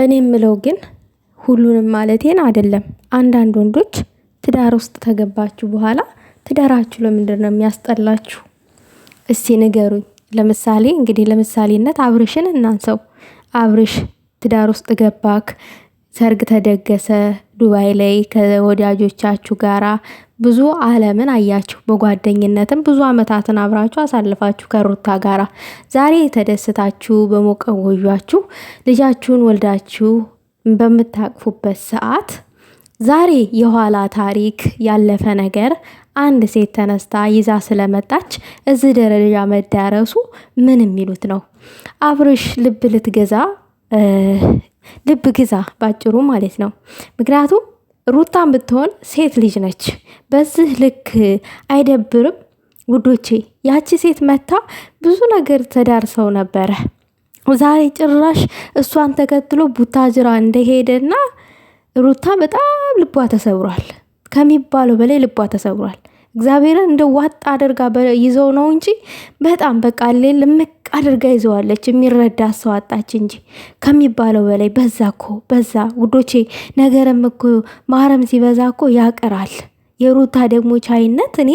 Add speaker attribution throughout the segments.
Speaker 1: እኔ የምለው ግን ሁሉንም ማለቴን አይደለም። አንዳንድ ወንዶች ትዳር ውስጥ ከገባችሁ በኋላ ትዳራችሁ ለምንድን ነው የሚያስጠላችሁ? እስቲ ንገሩኝ። ለምሳሌ እንግዲህ ለምሳሌነት አብርሽን እናንሰው። አብርሽ ትዳር ውስጥ ገባክ፣ ሰርግ ተደገሰ ዱባይ ላይ ከወዳጆቻችሁ ጋራ ብዙ ዓለምን አያችሁ። በጓደኝነትም ብዙ ዓመታትን አብራችሁ አሳልፋችሁ ከሩታ ጋራ ዛሬ የተደስታችሁ በሞቀ ጎጇችሁ ልጃችሁን ወልዳችሁ በምታቅፉበት ሰዓት ዛሬ የኋላ ታሪክ ያለፈ ነገር አንድ ሴት ተነስታ ይዛ ስለመጣች እዚህ ደረጃ መዳረሱ ምን የሚሉት ነው? አብርሽ ልብ ልትገዛ ልብ ግዛ ባጭሩ ማለት ነው። ምክንያቱም ሩታን ብትሆን ሴት ልጅ ነች። በዚህ ልክ አይደብርም ውዶቼ? ያቺ ሴት መታ ብዙ ነገር ተዳርሰው ነበረ። ዛሬ ጭራሽ እሷን ተከትሎ ቡታጅራ እንደሄደና ሩታ በጣም ልቧ ተሰብሯል፣ ከሚባለው በላይ ልቧ ተሰብሯል። እግዚአብሔርን እንደ ዋጥ አድርጋ ይዘው ነው እንጂ በጣም በቃ ሌ አድርጋ ይዘዋለች። የሚረዳ ሰው አጣች እንጂ ከሚባለው በላይ በዛ ኮ በዛ ውዶቼ። ነገርም እኮ ማረም ሲበዛ ኮ ያቀራል። የሩታ ደግሞ ቻይነት እኔ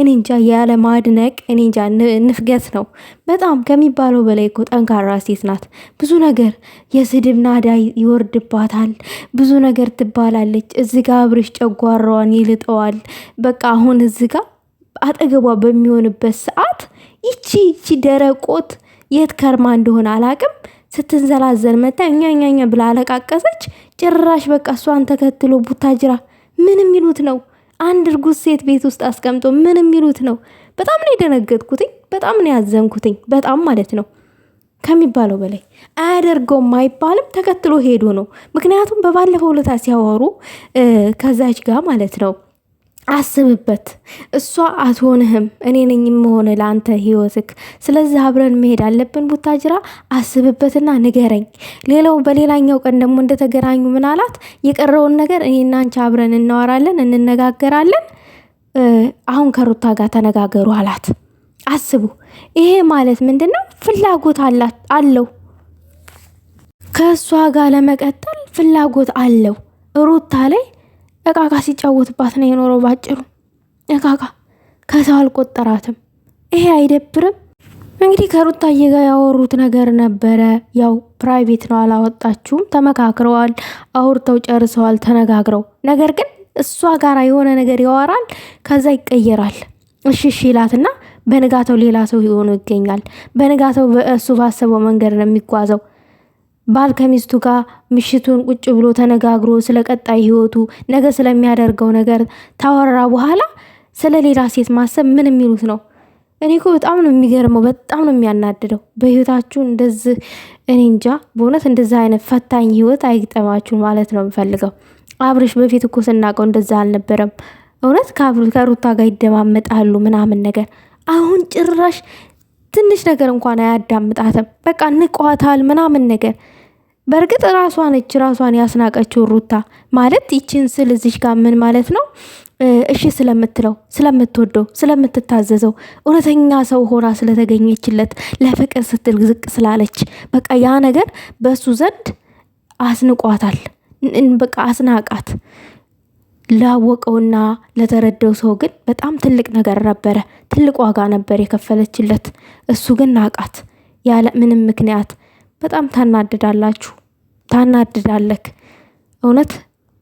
Speaker 1: እኔ እንጃ ያለ ማድነቅ እኔ እንጃ ንፍገት ነው። በጣም ከሚባለው በላይ እኮ ጠንካራ ሴት ናት። ብዙ ነገር የስድብ ናዳ ይወርድባታል። ብዙ ነገር ትባላለች። እዚጋ አብርሽ ጨጓራዋን ይልጠዋል። በቃ አሁን እዚጋ አጠገቧ በሚሆንበት ሰዓት ይቺ ይቺ ደረቆት የት ከርማ እንደሆነ አላቅም። ስትንዘላዘል መታ እኛኛኛ ብላ አለቃቀሰች። ጭራሽ በቃ እሷን ተከትሎ ቡታጅራ ምን የሚሉት ነው? አንድ እርጉዝ ሴት ቤት ውስጥ አስቀምጦ ምን የሚሉት ነው? በጣም ነው የደነገጥኩትኝ። በጣም ነው ያዘንኩትኝ። በጣም ማለት ነው ከሚባለው በላይ አያደርገውም አይባልም። ተከትሎ ሄዶ ነው። ምክንያቱም በባለፈው ዕለት ሲያወሩ ከዛች ጋር ማለት ነው አስብበት። እሷ አትሆንህም፣ እኔ ነኝ የምሆን ለአንተ ህይወትክ። ስለዚህ አብረን መሄድ አለብን ቡታጅራ። አስብበትና ንገረኝ። ሌላው በሌላኛው ቀን ደግሞ እንደተገናኙ ምን አላት? የቀረውን ነገር እኔና አንቺ አብረን እናወራለን፣ እንነጋገራለን። አሁን ከሩታ ጋር ተነጋገሩ አላት። አስቡ። ይሄ ማለት ምንድን ነው? ፍላጎት አለው ከእሷ ጋር ለመቀጠል ፍላጎት አለው ሩታ ላይ እቃቃ ሲጫወትባት ነው የኖረው። ባጭሩ እቃቃ ከሰው አልቆጠራትም። ይሄ አይደብርም? እንግዲህ ከሩታዬ ጋር ያወሩት ነገር ነበረ። ያው ፕራይቬት ነው አላወጣችሁም። ተመካክረዋል፣ አውርተው ጨርሰዋል ተነጋግረው። ነገር ግን እሷ ጋር የሆነ ነገር ያወራል፣ ከዛ ይቀየራል። እሽሽ ይላትና በንጋተው ሌላ ሰው ሆኖ ይገኛል። በንጋተው እሱ ባሰበው መንገድ ነው የሚጓዘው። ባል ከሚስቱ ጋር ምሽቱን ቁጭ ብሎ ተነጋግሮ ስለ ቀጣይ ህይወቱ ነገ ስለሚያደርገው ነገር ታወራ በኋላ ስለ ሌላ ሴት ማሰብ ምን የሚሉት ነው? እኔ እኮ በጣም ነው የሚገርመው፣ በጣም ነው የሚያናድደው። በህይወታችሁ እንደዚህ እኔ እንጃ፣ በእውነት እንደዚህ አይነት ፈታኝ ህይወት አይግጠማችሁ ማለት ነው የምፈልገው። አብርሽ በፊት እኮ ስናውቀው እንደዛ አልነበረም። እውነት ከሩታ ጋር ይደማመጣሉ ምናምን ነገር አሁን ጭራሽ ትንሽ ነገር እንኳን አያዳምጣትም። በቃ ንቋታል ምናምን ነገር በእርግጥ ራሷን እች ራሷን ያስናቀችው ሩታ ማለት ይችን ስል እዚሽ ጋር ምን ማለት ነው? እሺ ስለምትለው ስለምትወደው ስለምትታዘዘው እውነተኛ ሰው ሆና ስለተገኘችለት ለፍቅር ስትል ዝቅ ስላለች በቃ ያ ነገር በእሱ ዘንድ አስንቋታል። በቃ አስናቃት። ላወቀውና ለተረዳው ሰው ግን በጣም ትልቅ ነገር ነበረ። ትልቅ ዋጋ ነበር የከፈለችለት። እሱ ግን ናቃት ያለ ምንም ምክንያት። በጣም ታናድዳላችሁ፣ ታናድዳለክ። እውነት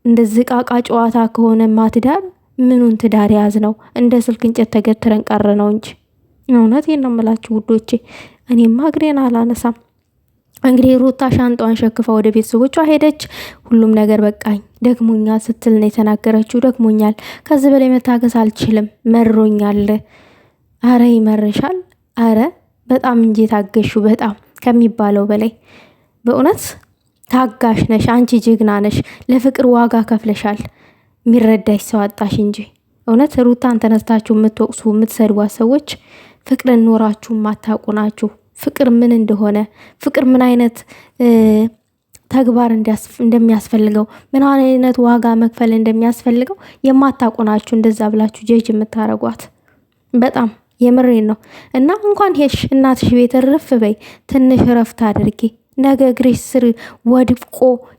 Speaker 1: እንደዚህ ቃቃ ጨዋታ ከሆነማ ትዳር ምኑን ትዳር የያዝ ነው? እንደ ስልክ እንጨት ተገትረን ቀረ ነው እንጂ። እውነት ነው የምላችሁ ውዶቼ፣ እኔማ እግሬን አላነሳም። እንግዲህ ሩታ ሻንጣዋን ሸክፋ ወደ ቤተሰቦቿ ሄደች። ሁሉም ነገር በቃኝ ደክሞኛል ስትል ነው የተናገረችው። ደክሞኛል፣ ከዚህ በላይ መታገስ አልችልም፣ መሮኛል። አረ ይመርሻል፣ አረ በጣም እንጂ ታገሹ፣ በጣም ከሚባለው በላይ በእውነት ታጋሽ ነሽ አንቺ፣ ጀግና ነሽ። ለፍቅር ዋጋ ከፍለሻል። የሚረዳሽ ሰው አጣሽ እንጂ እውነት ሩታን ተነስታችሁ የምትወቅሱ የምትሰድቧት ሰዎች ፍቅርን ኖራችሁ ማታውቁ ናችሁ። ፍቅር ምን እንደሆነ ፍቅር ምን አይነት ተግባር እንደሚያስፈልገው ምን አይነት ዋጋ መክፈል እንደሚያስፈልገው የማታውቁ ናችሁ። እንደዛ ብላችሁ ጀጅ የምታረጓት በጣም የምሬን ነው። እና እንኳን ሄሽ እናትሽ ቤት እርፍ በይ፣ ትንሽ እረፍት አድርጌ። ነገ እግርሽ ስር ወድቆ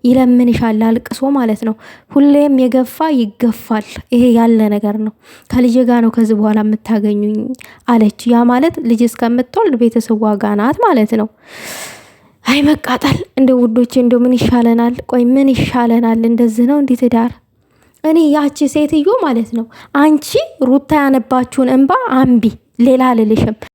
Speaker 1: ይለምንሻል አልቅሶ ማለት ነው። ሁሌም የገፋ ይገፋል። ይሄ ያለ ነገር ነው። ከልጅ ጋ ነው ከዚህ በኋላ የምታገኙኝ አለች። ያ ማለት ልጅ እስከምትወልድ ቤተሰቧ ጋ ናት ማለት ነው። አይ መቃጠል እንደ ውዶቼ፣ እንደ ምን ይሻለናል? ቆይ ምን ይሻለናል? እንደዚህ ነው እንዲህ ትዳር እኔ ያቺ ሴትዮ ማለት ነው አንቺ ሩታ ያነባችሁን እንባ አንቢ ሌላ አልልሽም።